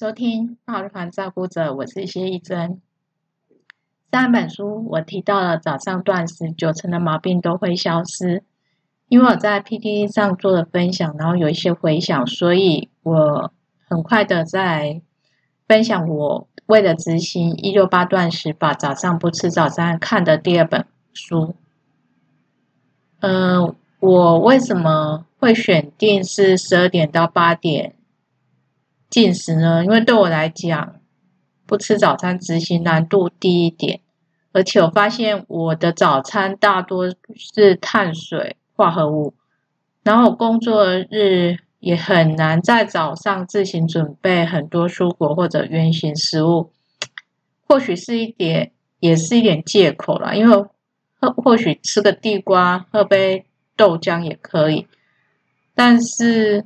收聽日團照顧者，我是謝一真。上一本書我提到了早上斷食，九成的毛病都會消失，因為我在 PPT 上做的分享，然後有一些回響，所以我很快的再分享我為了執行一六八斷食，把早上不吃早餐看的第二本書。嗯、呃，我為什麼會選定是十二點到八點？進食呢，因為對我來講，不吃早餐執行難度低一點，而且我發現我的早餐大多是碳水化合物，然後工作日也很難在早上自行準備很多蔬果或者原型食物，或許是一點，也是一點借口啦，因為喝，或許吃個地瓜，喝杯豆漿也可以，但是。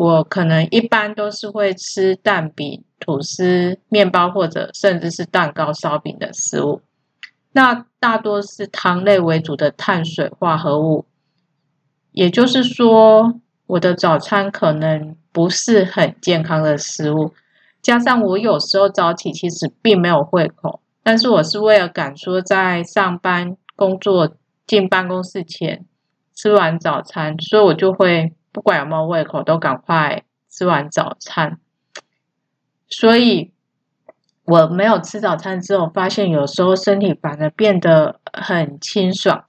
我可能一般都是會吃蛋餅、吐司、麵包或者甚至是蛋糕、燒餅的食物，那大多是糖類為主的碳水化合物。也就是說，我的早餐可能不是很健康的食物。加上我有時候早起其實並沒有胃口，但是我是為了趕說在上班工作進辦公室前吃完早餐，所以我就會。不管有沒有胃口，都趕快吃完早餐。所以我沒有吃早餐之後，發現有時候身體反而變得很清爽。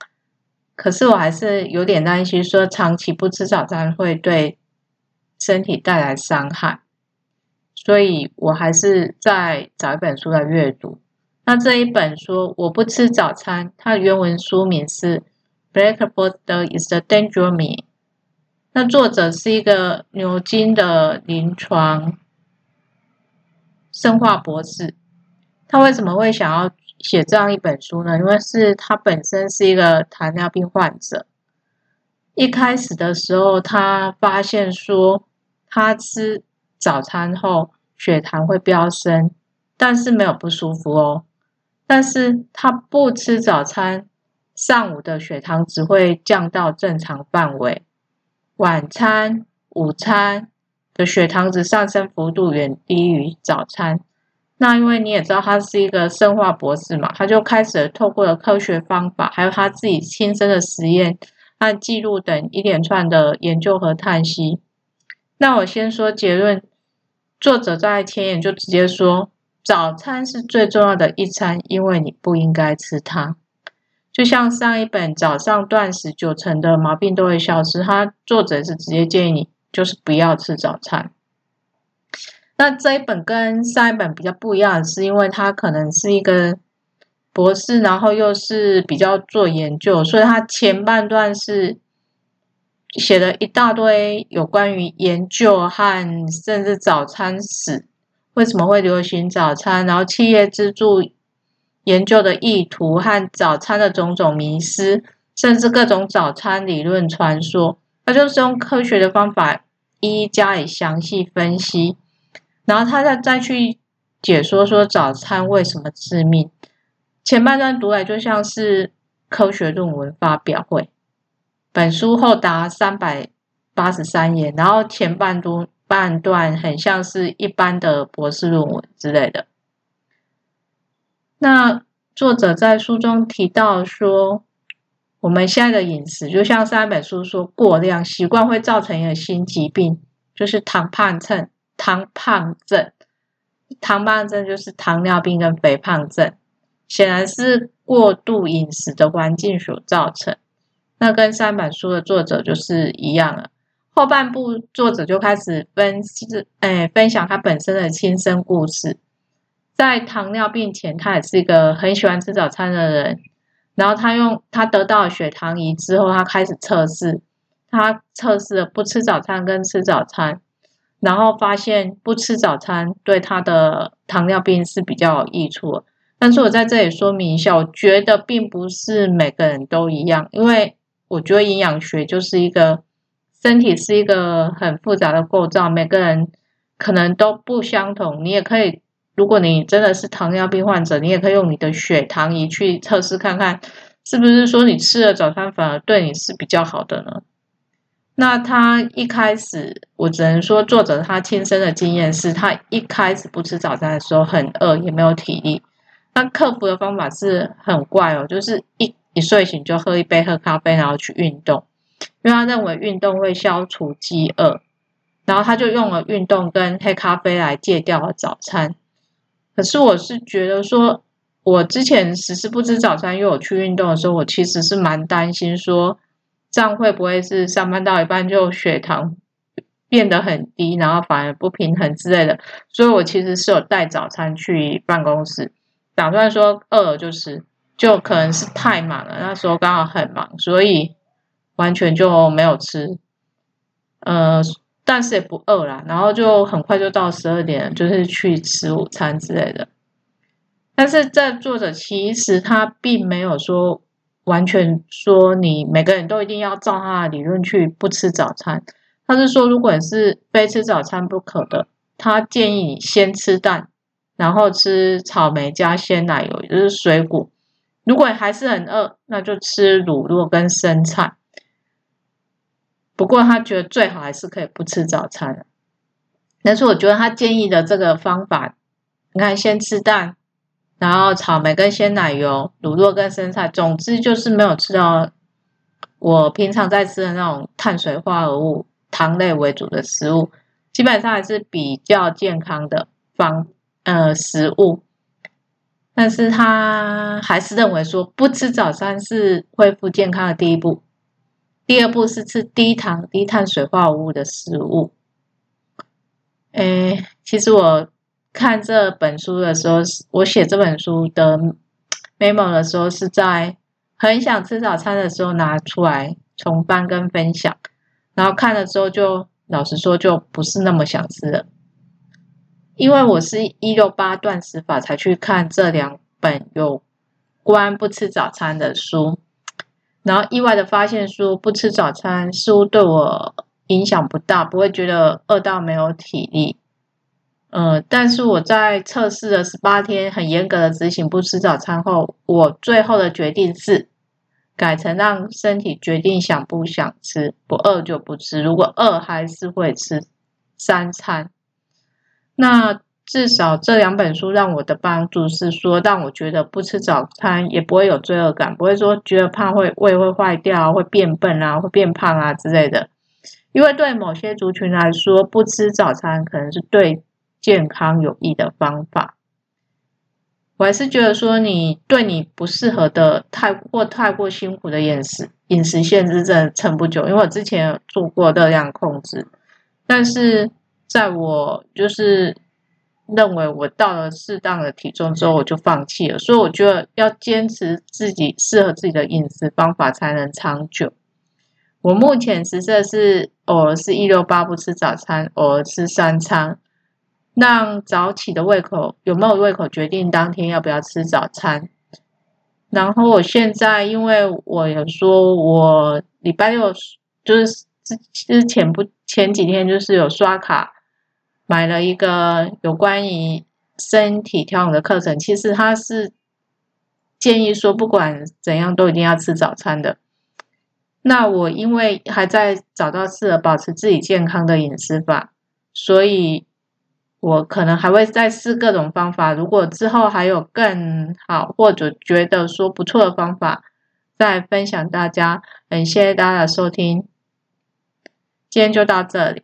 可是我還是有點擔心，說長期不吃早餐會對身體帶來傷害。所以我還是再找一本書來閱讀。那這一本書我不吃早餐，它的原文書名是《Breakfast is a Dangerous Meal》那作者是一個牛津的臨床生化博士，他為什麼會想要寫這樣一本書呢？因為是他本身是一個糖尿病患者。一開始的時候，他發現說，他吃早餐後血糖會飆升，但是沒有不舒服哦。但是他不吃早餐，上午的血糖只會降到正常範圍。晚餐、午餐的血糖值上升幅度遠低於早餐。那因為你也知道他是一個生化博士嘛，他就開始透過了科學方法，還有他自己親身的實驗、和記錄等一連串的研究和探析。那我先說結論，作者在前言就直接說：早餐是最重要的一餐，因為你不應該吃它。就像上一本早上斷食，九成的毛病都會消失。他作者是直接建議你就是不要吃早餐。那這一本跟上一本比較不一樣的是，因為他可能是一個博士，然後又是比較做研究，所以他前半段是寫了一大堆有關於研究和甚至早餐史為什麼會流行早餐，然後企業資助。研究的意圖和早餐的種種迷思，甚至各種早餐理論傳說，他就是用科學的方法一一加以詳細分析，然後他再再去解說說，早餐為什麼致命。前半段讀來就像是科學論文發表會，本書厚達三百八十三頁，然後前半段半段很像是一般的博士論文之類的。那作者在書中提到說，我們現在的飲食就像三本書說過量，量習慣會造成一個新疾病，就是糖胖症、糖胖症、糖胖症就是糖尿病跟肥胖症，顯然是過度飲食的環境所造成。那跟三本書的作者就是一樣了。後半部作者就開始分析，哎，分享他本身的親身故事。在糖尿病前，他也是一個很喜歡吃早餐的人。然後他用他得到了血糖儀之後，他開始測試，他測試了不吃早餐跟吃早餐，然後發現不吃早餐對他的糖尿病是比較有益處。但是我在這裡說明一下，我覺得並不是每個人都一樣，因為我覺得營養學就是一個身體是一個很複雜的構造，每個人可能都不相同。你也可以。如果你真的是糖尿病患者，你也可以用你的血糖儀去測試看看，是不是說你吃了早餐反而對你是比較好的呢？那他一開始，我只能說作者他親身的經驗是他一開始不吃早餐的時候很餓，也沒有體力。那克服的方法是很怪哦，就是一一睡醒就喝一杯黑咖啡，然後去運動，因為他認為運動會消除飢餓，然後他就用了運動跟黑咖啡來戒掉了早餐。可是我是覺得說，我之前遲遲不吃早餐，因為我去運動的時候，我其實是蠻擔心說，這樣會不會是上班到一半就血糖變得很低，然後反而不平衡之類的。所以我其實是有帶早餐去辦公室，打算說餓了就吃，就可能是太忙了，那時候剛好很忙，所以完全就沒有吃，呃。但是也不餓啦，然後就很快就到十二點，就是去吃午餐之類的。但是這作者其實他並沒有說完全說你每個人都一定要照他的理論去不吃早餐。他是說，如果你是非吃早餐不可的，他建議你先吃蛋，然後吃草莓加鮮奶油，就是水果。如果還是很餓，那就吃乳酪跟生菜。不過他覺得最好還是可以不吃早餐，但是我覺得他建議的這個方法，你看先吃蛋，然後草莓跟鮮奶油、乳酪跟生菜，總之就是沒有吃到我平常在吃的那種碳水化合物、糖類為主的食物，基本上還是比較健康的方呃食物。但是他還是認為說不吃早餐是恢復健康的第一步。第二步是吃低糖、低碳水化合物的食物。哎，其實我看這本書的時候，是我寫這本書的 memo 的時候，是在很想吃早餐的時候拿出來重翻跟分享。然後看了之後就，就老實說，就不是那麼想吃了，因為我是一六八斷食法才去看這兩本有關不吃早餐的書。然後意外的發現說不吃早餐似乎對我影響不大，不會覺得餓到沒有體力。呃，但是我在測試了十八天，很嚴格的執行不吃早餐後，我最後的決定是改成讓身體決定想不想吃，不餓就不吃，如果餓還是會吃三餐。那。至少這兩本書讓我的幫助是說，讓我覺得不吃早餐也不會有罪惡感，不會說覺得胖會胃會壞掉，會變笨啊，會變胖啊之類的。因為對某些族群來說，不吃早餐可能是對健康有益的方法。我還是覺得說，你對你不適合的太過太過辛苦的飲食飲食限制真的撐不久。因為我之前做過熱量控制，但是在我就是。認為我到了適當的體重之後我就放棄了，所以我覺得要堅持自己適合自己的飲食方法才能長久。我目前實在是，偶爾是一六八不吃早餐，偶爾吃三餐，讓早起的胃口有沒有胃口決定當天要不要吃早餐。然後我現在，因為我有說，我禮拜六就是之前不前幾天就是有刷卡。買了一個有關於身體調整的課程，其實他是建議說，不管怎樣都一定要吃早餐的。那我因為還在找到適合保持自己健康的飲食法，所以我可能還會再試各種方法。如果之後還有更好或者覺得說不錯的方法，再分享大家。很謝謝大家的收聽，今天就到這裡。